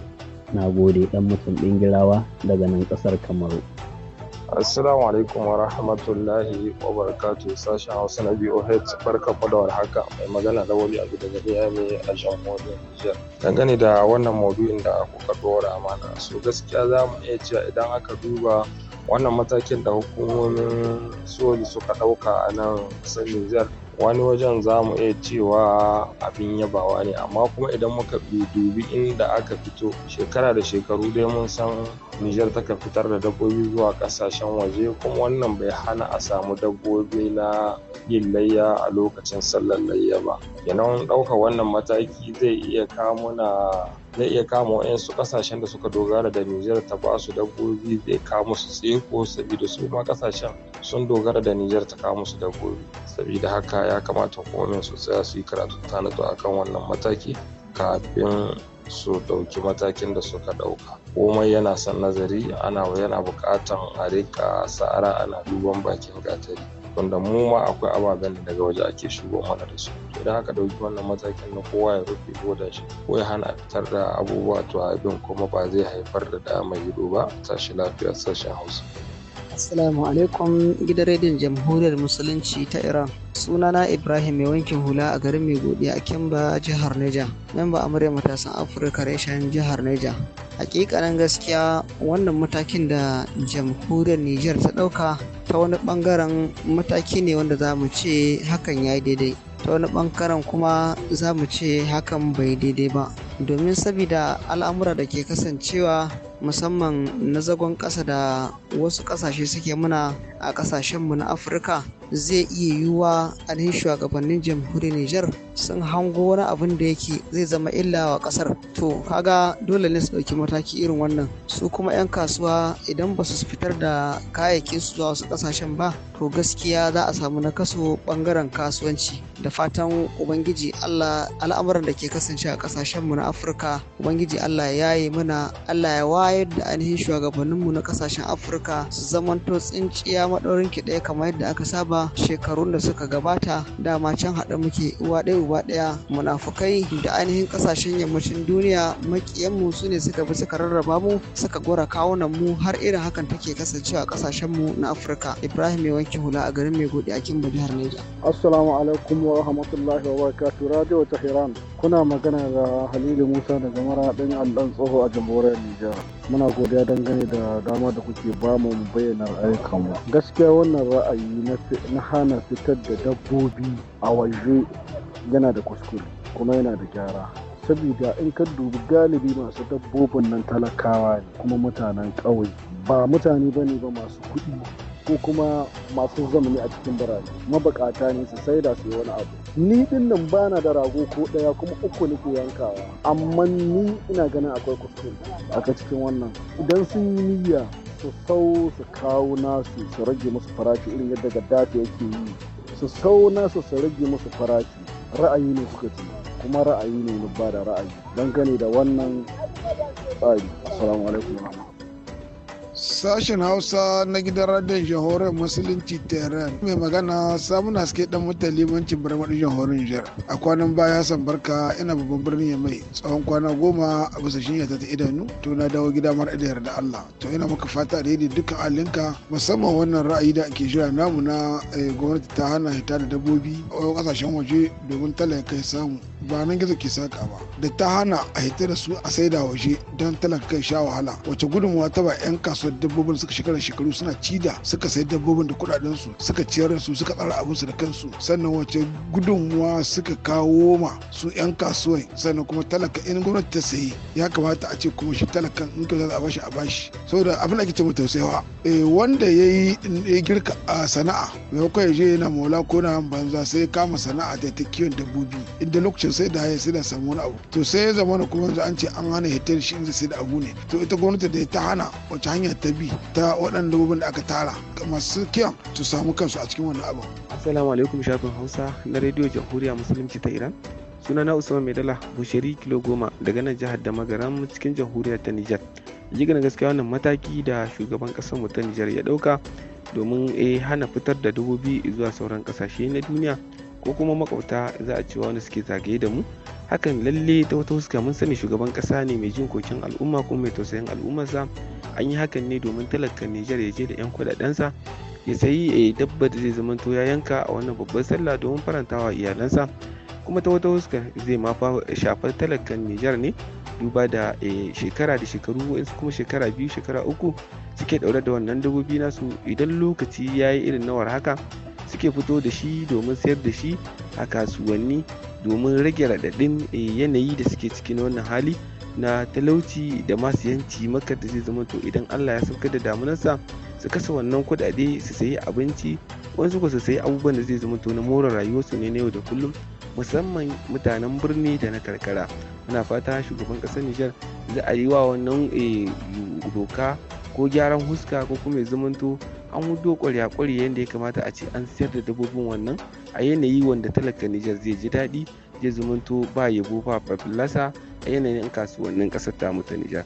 na gode dan mutum bingirawa daga nan ƙasar kamaru Assalamu alaikum wa rahmatullahi wa barakatuh sashen Hausa na BOH barka da haka mai magana da wani abu daga Niyami a jamhuriyar Nijar. Dangane da wannan maudu'in da kuka dora mana so gaskiya za mu iya cewa idan aka duba wannan matakin da hukumomin soji suka ɗauka a nan sanin wani wajen za mu iya cewa abin yabawa ne amma kuma idan muka dubi inda aka fito shekara da shekaru dai mun san Nijar ta fitar da dabbobi zuwa kasashen waje kuma wannan bai hana a samu dabbobi na yin layya a lokacin sallar layya ba. Kenan ɗauka wannan mataki zai iya kamuna zai iya kama wa'yansu kasashen da suka dogara da Nijar ta ba su dabbobi zai kawo musu tseko saboda su ma kasashen sun dogara da Nijar ta kawo musu dabbobi sabida haka ya kamata hukumomin su tsaya su yi karatu ta akan wannan mataki kafin su ɗauki matakin da suka ɗauka komai yana son nazari ana yana buƙatan a rika sa'ara ana duban bakin gatari wanda mu ma akwai ababen da daga waje ake shigo mana da su to idan aka ɗauki wannan matakin na kowa ya rufe boda shi ko ya hana fitar da abubuwa to abin kuma ba zai haifar da da mai ido ba sashi lafiya sashen hausa Assalamu alaikum gidan rediyon jamhuriyar musulunci ta Iran. Sunana Ibrahim mai wankin hula a garin mai Maigodi a Kemba jihar Neja. Memba amurya matasan Afirka reshen jihar Neja. Hakikanin gaskiya wannan matakin da jamhuriyar Nijar ta ɗauka ta wani bangaren mataki ne wanda za mu ce hakan ya daidai. Ta wani bangaren kuma za mu ce hakan bai daidai ba. domin sabida al'amura da ke kasancewa musamman na zagon ƙasa da wasu ƙasashe suke muna a ƙasashenmu na afirka zai iya yiwuwa alhin shugabannin jamhuriyar nijar sun hango wani abin da yake zai zama illa wa kasar to kaga dole ne su ɗauki mataki irin wannan su kuma 'yan kasuwa idan ba su fitar da kayayyakin su zuwa wasu kasashen ba to gaskiya za a samu na kaso bangaren kasuwanci da fatan ubangiji allah al'amuran da ke kasance a kasashen mu na afirka ubangiji allah ya yi mana allah ya wayar da ainihin mu na kasashen afirka su zamanto tsinciya maɗaurin ki ɗaya kamar yadda aka saba shekarun da suka gabata dama can haɗa muke uwa ɗaya gaba daya munafukai da ainihin kasashen yammacin duniya makiyanmu su ne suka bi suka rarraba mu suka gora kawunan mu har irin hakan take kasancewa kasashen mu na afirka ibrahim ya wanke hula a garin mai gode a kimba jihar neja assalamu alaikum wa rahmatullahi wa barakatu. radio tehran kuna magana da halilu musa da daga maraɗin aldan tsoho a jamhuriyar nijar muna godiya dangane da dama da kuke bamu mu bayyana ayyukanmu gaskiya wannan ra'ayi na hana fitar da dabbobi a waje yana da kuskure kuma yana da gyara saboda in ka dubi galibi masu dabbobin nan talakawa ne kuma mutanen ƙauye ba mutane ba ne ba masu kuɗi ko kuma masu zamani a cikin birane mabukata ne su saida su wani abu ni din nan ba na da rago ko ɗaya kuma uku nake yankawa amma ni ina ganin akwai kuskure a cikin wannan idan sun yi niyya su sau su kawo nasu su rage musu farashi irin yadda gaddafi yake yi su sau nasu su rage musu farashi ra'ayi ne kuka ce kuma ra'ayi ne na ba da ra'ayi dangane da wannan tsari assalamu alaikum Sashen Hausa na gidan radiyon jihohoren Musulunci Tehran mai magana samun suke dan mutan limancin birnin jihohoren jihar. A kwanan baya san barka ina babban birnin mai. tsawon kwana goma a bisa shinya ta ta idanu to na dawo gida mar da yarda Allah. To ina maka fata da yadda dukkan alinka musamman wannan ra'ayi da ake jira namu na eh, gwamnati ta hana hita da dabbobi a kasashen waje domin talaka ya samu. ba nan gizo ke saka ba da ta hana a hita da su a saida waje don kai sha wahala wace gudunmuwa ta ba 'yan kasuwar dabbobin suka shekara shekaru suna cida suka sayi dabbobin da kudaden su suka ciyar su suka tsara abinsu da kansu sannan wace gudunmuwa suka kawo ma su 'yan kasuwai sannan kuma talaka in gwamnati ta sayi ya kamata a ce kuma shi talakan in kyauta a bashi a bashi saboda abin da ake ce mu tausayawa eh, wanda ya girka a sana'a maimakon ya je yana Mola ko na banza sai kama sana'a da ta kiwon dabbobi inda lokacin to sai da sai da samu wani abu to sai ya zama kuma yanzu an ce an hana hitar shi inda sai da abu ne to ita gwamnati da ta hana wace hanya ta bi ta waɗanda dabbobin da aka tara masu kiyan su samu kansu a cikin wannan abu. Assalamu alaikum shafin Hausa na rediyo Jamhuriya Musulunci ta Iran. suna sunana usman maidala bushari kilo goma daga nan jihar da cikin jamhuriyar ta nijar jigirin gaskiya wannan mataki da shugaban kasar mu ta nijar ya ɗauka domin eh, hana fitar da dubobi zuwa sauran kasashe na duniya ko kuma makwabta za a cewa wanda suke zagaye da mu hakan lalle ta wata huska mun sani shugaban kasa ne mai jin kokin al'umma kuma mai tausayin al'ummarsa an yi hakan ne domin talaka nijar ya je da yan kudadensa ya sayi dabba da zai zamanto ya yanka a wannan babban sallah domin farantawa iyalansa kuma ta wata huska zai ma shafar talakan Nijar ne duba da eh, shekara da shekaru kuma shekara biyu shekara uku suke daure da wannan dabobi nasu idan lokaci ya yi irin nawar haka suke fito da shi domin sayar da shi a kasuwanni domin rage raɗaɗin eh, yanayi da suke cikin wannan hali na talauci da masu yanci makar da zai zama to idan allah ya sauka da damunarsa su kasa wannan kuɗaɗe su sayi abinci wasu ko su sayi abubuwan da zai zama to na more rayuwarsu ne na yau da kullum musamman mutanen birni da na karkara muna fata shugaban ƙasar nijar za a yi wa wannan eh, doka ko gyaran huska ko kuma ya zamanto an wudo kwarya kwarya yadda ya kamata a ce an siyar da dabbobin wannan a yanayi wanda talaka Nijar zai ji daɗi zai zumunto ba yabo ba fafilasa a yanayin kasuwannin ƙasar tamu ta Nijar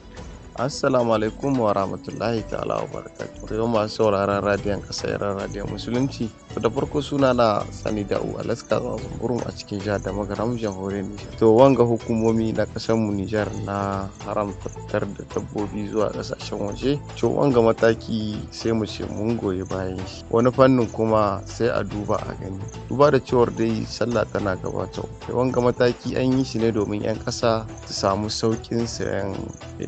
Assalamu alaikum wa rahmatullahi ta'ala wa barakatuh. Yau masu sauraron radiyon kasairar radiyon musulunci. Da farko suna na Sani Da'u Alaska Zamburum a cikin jihar da magaram jamhuriyar Nijar. To wanga hukumomi na ƙasar mu Nijar na fitar da dabbobi zuwa ƙasashen waje. To wanga mataki sai mu ce mun goyi bayan shi. Wani fannin kuma sai a duba a gani. Duba da cewar dai sallah tana gabatar. Wanga mataki an yi shi ne domin 'yan ƙasa su samu sauƙin sayan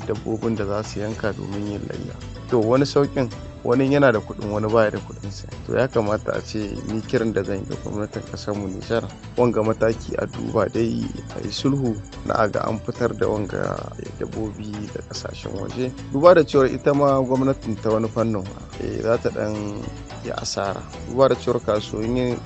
dabbobin da za su yanka domin yin layya to wani sauƙin wani yana da kuɗin wani baya da kuɗin sa to ya kamata a ce ni kiran da zan yi ga gwamnatin ƙasar mu Nijar wanga mataki a duba dai a yi sulhu na aga an fitar da wanga dabbobi da ƙasashen waje duba da cewar ita ma gwamnatin ta wani fannin eh, za ta ɗan ya asara duba da cewar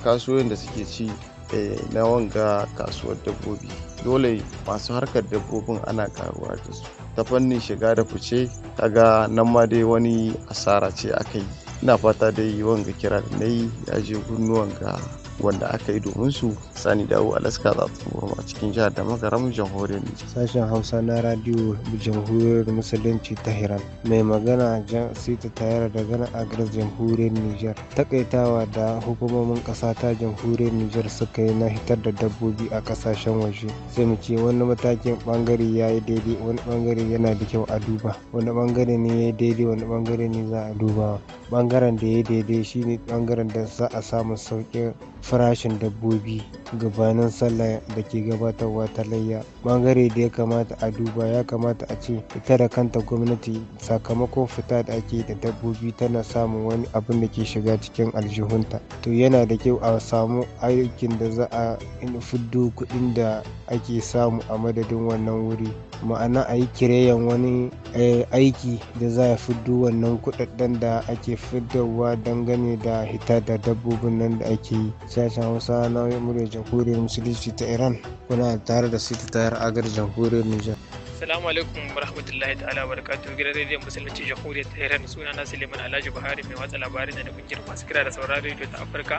kasuwoyin da suke ci eh, na wanga kasuwar dabbobi dole masu harkar dabbobin ana karuwa da su ta fannin shiga da fice kaga nan ma dai wani asara ce aka yi ina fata dai wanga kira da na yi ya je kunnuwan ga wanda aka yi domin su sani dawo alaska za su burma a cikin jihar da magaram jamhuriyar nijar sashen hausa na radio jamhuriyar musulunci ta hiran mai magana jan sita yara da gana agres jamhuriyar nijar takaitawa da hukumomin kasa ta jamhuriyar nijar suka yi na hitar da dabbobi a kasashen waje sai mu ce wani matakin bangare ya yi daidai wani bangare yana da kyau a duba wani bangare ne ya yi daidai wani bangare ne za a duba bangaren da ya daidai shine bangaren da za a samu sauƙin farashin dabbobi gabanin sallah da ke gabatarwa ta layya bangare da ya kamata a duba ya kamata a ce ita da kanta gwamnati sakamakon fita da ake da dabbobi tana samun wani abin da ke shiga cikin aljihunta to yana da kyau a samu aikin da za a fiddo kuɗin da ake samu a madadin wannan wuri ma'ana a yi kireyan wani eh, aiki da za a fiddo wannan kuɗaɗen da ake fiddowa dangane da hita da dabbobin nan da ake yi sashen hausa na muryar jamhuriyar musulunci ta iran kuna tare da sita tayar agar jamhuriyar nijar Assalamu alaikum warahmatullahi ta'ala barakatuhu gidan rediyon musulunci jamhuriyar ta Iran suna na Suleiman Alhaji Buhari mai watsa labarin da kungiyar masu kira da sauran rediyo ta Afirka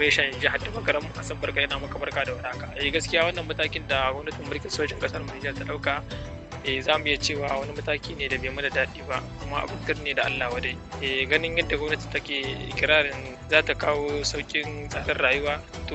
reshen jihar da makaram Hassan Barka yana maka barka da warhaka. Eh gaskiya wannan matakin da gwamnatin mulkin sojin kasar Nijar ta dauka eh za mu iya cewa wani mataki ne da bai mana daɗi ba kuma abin ne da Allah wadai eh ganin yadda gwamnati take ikirarin za ta kawo saukin tsadar rayuwa to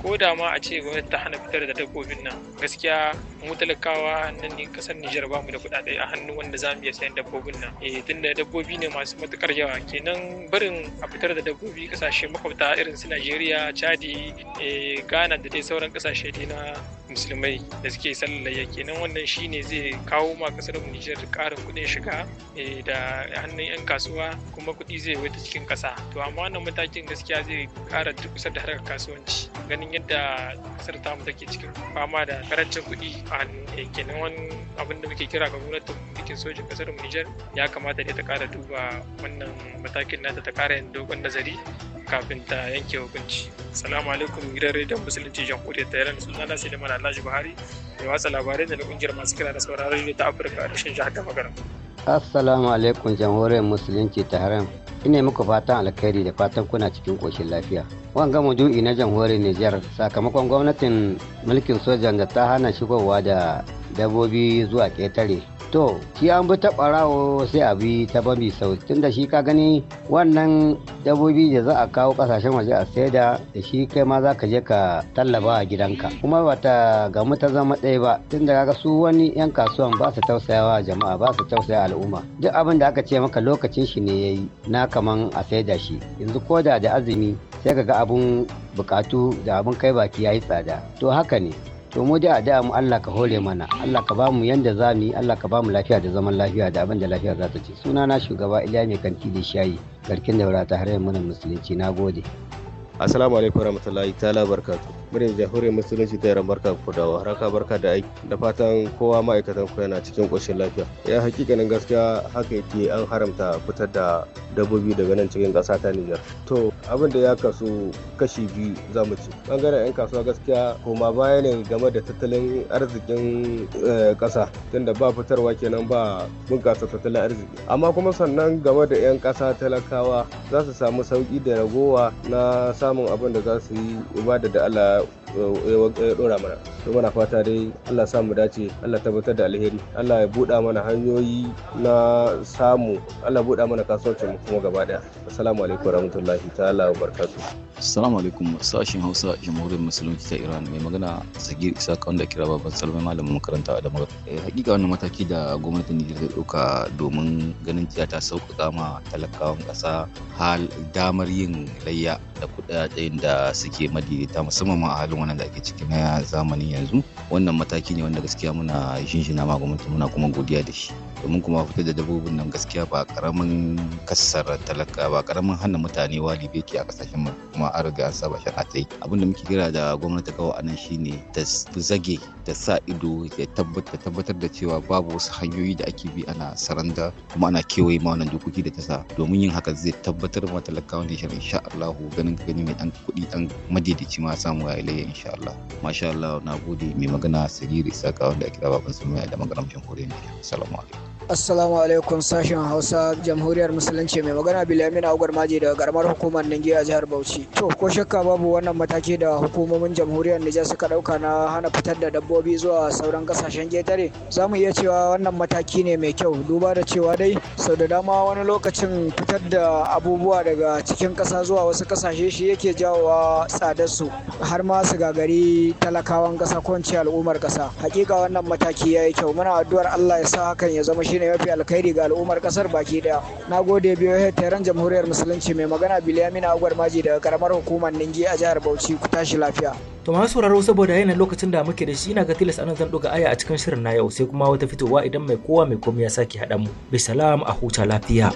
ko da ma a ce gwamnati ta hana fitar da dabbobin nan gaskiya mu talakawa nan ne kasar Nijar ba mu da kuɗaɗe a hannu wanda za mu iya sayan dabbobin nan eh tunda dabbobi ne masu matukar yawa kenan barin a fitar da dabbobi kasashe makwabta irin su Najeriya Chadi eh Ghana da dai sauran kasashe dai na musulmai da suke sallar kenan wannan shine zai kawo ma kasar mu Nijar karin kuɗin shiga eh, da hannun 'yan kasuwa kuma kuɗi zai wata cikin ƙasa to amma wannan matakin gaskiya zai ƙara kusa da harkar kasuwanci ganin yadda kasar tamu take cikin fama da karancin kuɗi a eh, kenan wani abin da muke kira ga gwamnatin bikin sojin kasar mu Nijar ya kamata ne ta ƙara duba wannan matakin nata ta ƙara yin dogon nazari kafin ta yanke hukunci. Salamu alaikum gidan rediyon musulunci jamhuriyar Tehran sunana Suleiman Alhaji Buhari mai watsa labarai da kungiyar masu kira da sauraron rediyo ta Afirka a rashin jihar gama Assalamu alaikum jamhuriyar musulunci ta haram. Ina muku fatan alkhairi da fatan kuna cikin koshin lafiya. gama du'i na jamhuriyar niger sakamakon gwamnatin mulkin sojan da ta hana shigowa da dabbobi zuwa ƙetare to shi an bi ta ɓarawo sai a bi ta babi sau Tun da shi ka gani wannan dabbobi da za a kawo kasashen waje a saida da shi kai ma za ka je ka tallaba a gidanka kuma ba ta gamu ta zama ɗaya ba Tun da kaga su wani yan kasuwan ba su tausayawa jama'a ba su tausaya al'umma duk abin da aka ce maka lokacin shi ne yayi na kaman a saida shi yanzu ko da azumi sai ka ga abun bukatu da abun kai baki ya yi tsada to haka ne to mu da da mu Allah ka hore mana Allah ka bamu yanda za mu yi Allah ka bamu lafiya da zaman lafiya da abinda lafiya za ta ci suna na shugaba Iliya mai kanti da shayi garkin da daura ta harayen mana musulunci na gode assalamu alaikum warahmatullahi ta'ala barkatu muryar jamhuriyar musulunci ta yi barka ku da warhaka barka da aiki da fatan kowa ma'aikatan ku yana cikin ƙoshin lafiya ya hakikanin gaskiya haka yake an haramta fitar da dabbobi daga nan cikin ƙasa ta Nijar to abin da ya kasu kashi biyu za mu ci bangaren 'yan kasuwa gaskiya koma baya ne game da tattalin arzikin eh, ƙasa tunda ba fitarwa kenan ba bunƙasa tattalin arziki amma kuma sannan game da 'yan ƙasa talakawa za su samu sauƙi da ragowa na samun abin da za su yi ibada da Allah ya dora mana to muna fata dai Allah samu dace Allah tabbatar da alheri Allah ya buɗa mana hanyoyi na samu Allah buɗa mana kasuwancin mu kuma gaba daya assalamu alaikum warahmatullahi ta'ala wa barakatuh assalamu alaikum sashin Hausa jamhuriyar musulunci ta Iran mai magana Sagir Isa wanda kira baban Salman malamin makaranta a Damar eh, hakika wannan mataki da gwamnatin Nijar ta dauka domin ganin cewa ta sauƙaƙa ma talakawan ƙasa hal damar yin layya da kuɗaɗen da suke ta musamman kuma a halin wannan da ake ciki na zamanin yanzu wannan mataki ne wanda gaskiya muna jinjina ma gwamnati muna kuma godiya da shi domin kuma fito da dabbobin nan gaskiya ba karamin kasar talaka ba karamin hana mutane wali beki a kasashen mu kuma an riga an saba a ta yi abin da muke kira da gwamnati kawai shi shine ta zage ta sa ido ya tabbatar da cewa babu wasu hanyoyi da ake bi ana saranda kuma ana kewaye ma wannan dokoki da ta sa domin yin haka zai tabbatar ma talakawa ne shirin insha Allah ganin gani mai dan kuɗi dan madaidaici ma samu ya ilayya insha Allah masha Allah na gode mai magana Sagiri Isaka wanda ake kira baban mai da magaramcin kore ne assalamu alaikum Assalamu alaikum sashen Hausa Jamhuriyar Musulunci mai magana Bilamin a Maji, daga garmar hukumar Ningi a jihar Bauchi. To ko shakka babu wannan mataki da hukumomin Jamhuriyar Nijar suka dauka na hana fitar da dabbobi zuwa sauran kasashen getare. Za mu iya cewa wannan mataki ne mai kyau duba da cewa dai sau da dama wani lokacin fitar da abubuwa daga cikin kasa zuwa wasu kasashe shi yake jawowa tsadar su har ma su gagari talakawan kasa ko al'ummar ƙasa. Hakika wannan mataki yi kyau muna addu'ar Allah ya sa hakan ya zama shi shine mafi alkhairi ga al'ummar kasar baki daya na gode biyo taron jamhuriyar musulunci mai magana biliyamina agwar maji daga karamar hukumar ningi a jihar bauchi ku tashi lafiya to masu sauraro saboda yanayin lokacin da muke da shi ina ga tilas anan zan ɗoga aya a cikin shirin na yau sai kuma wata fitowa idan mai kowa mai komai ya sake haɗa mu bisalam a huta lafiya.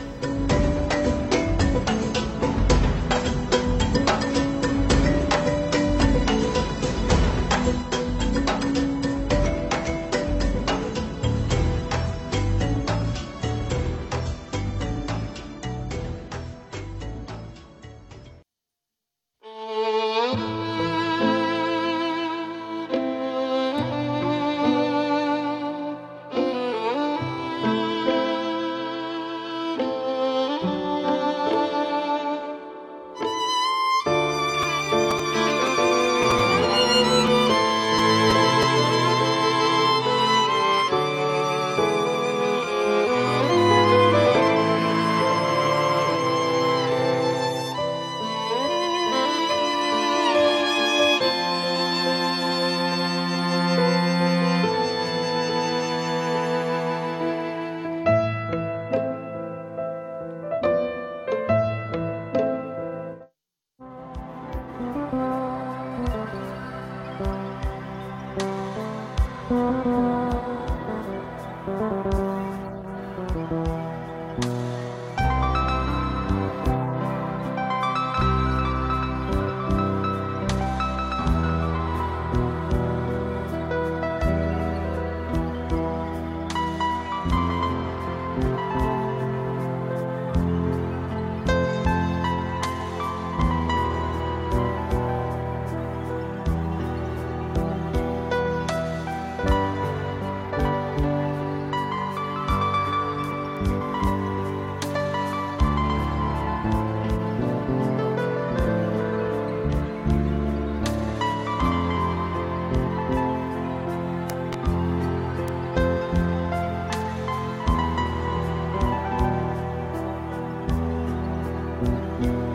Thank you.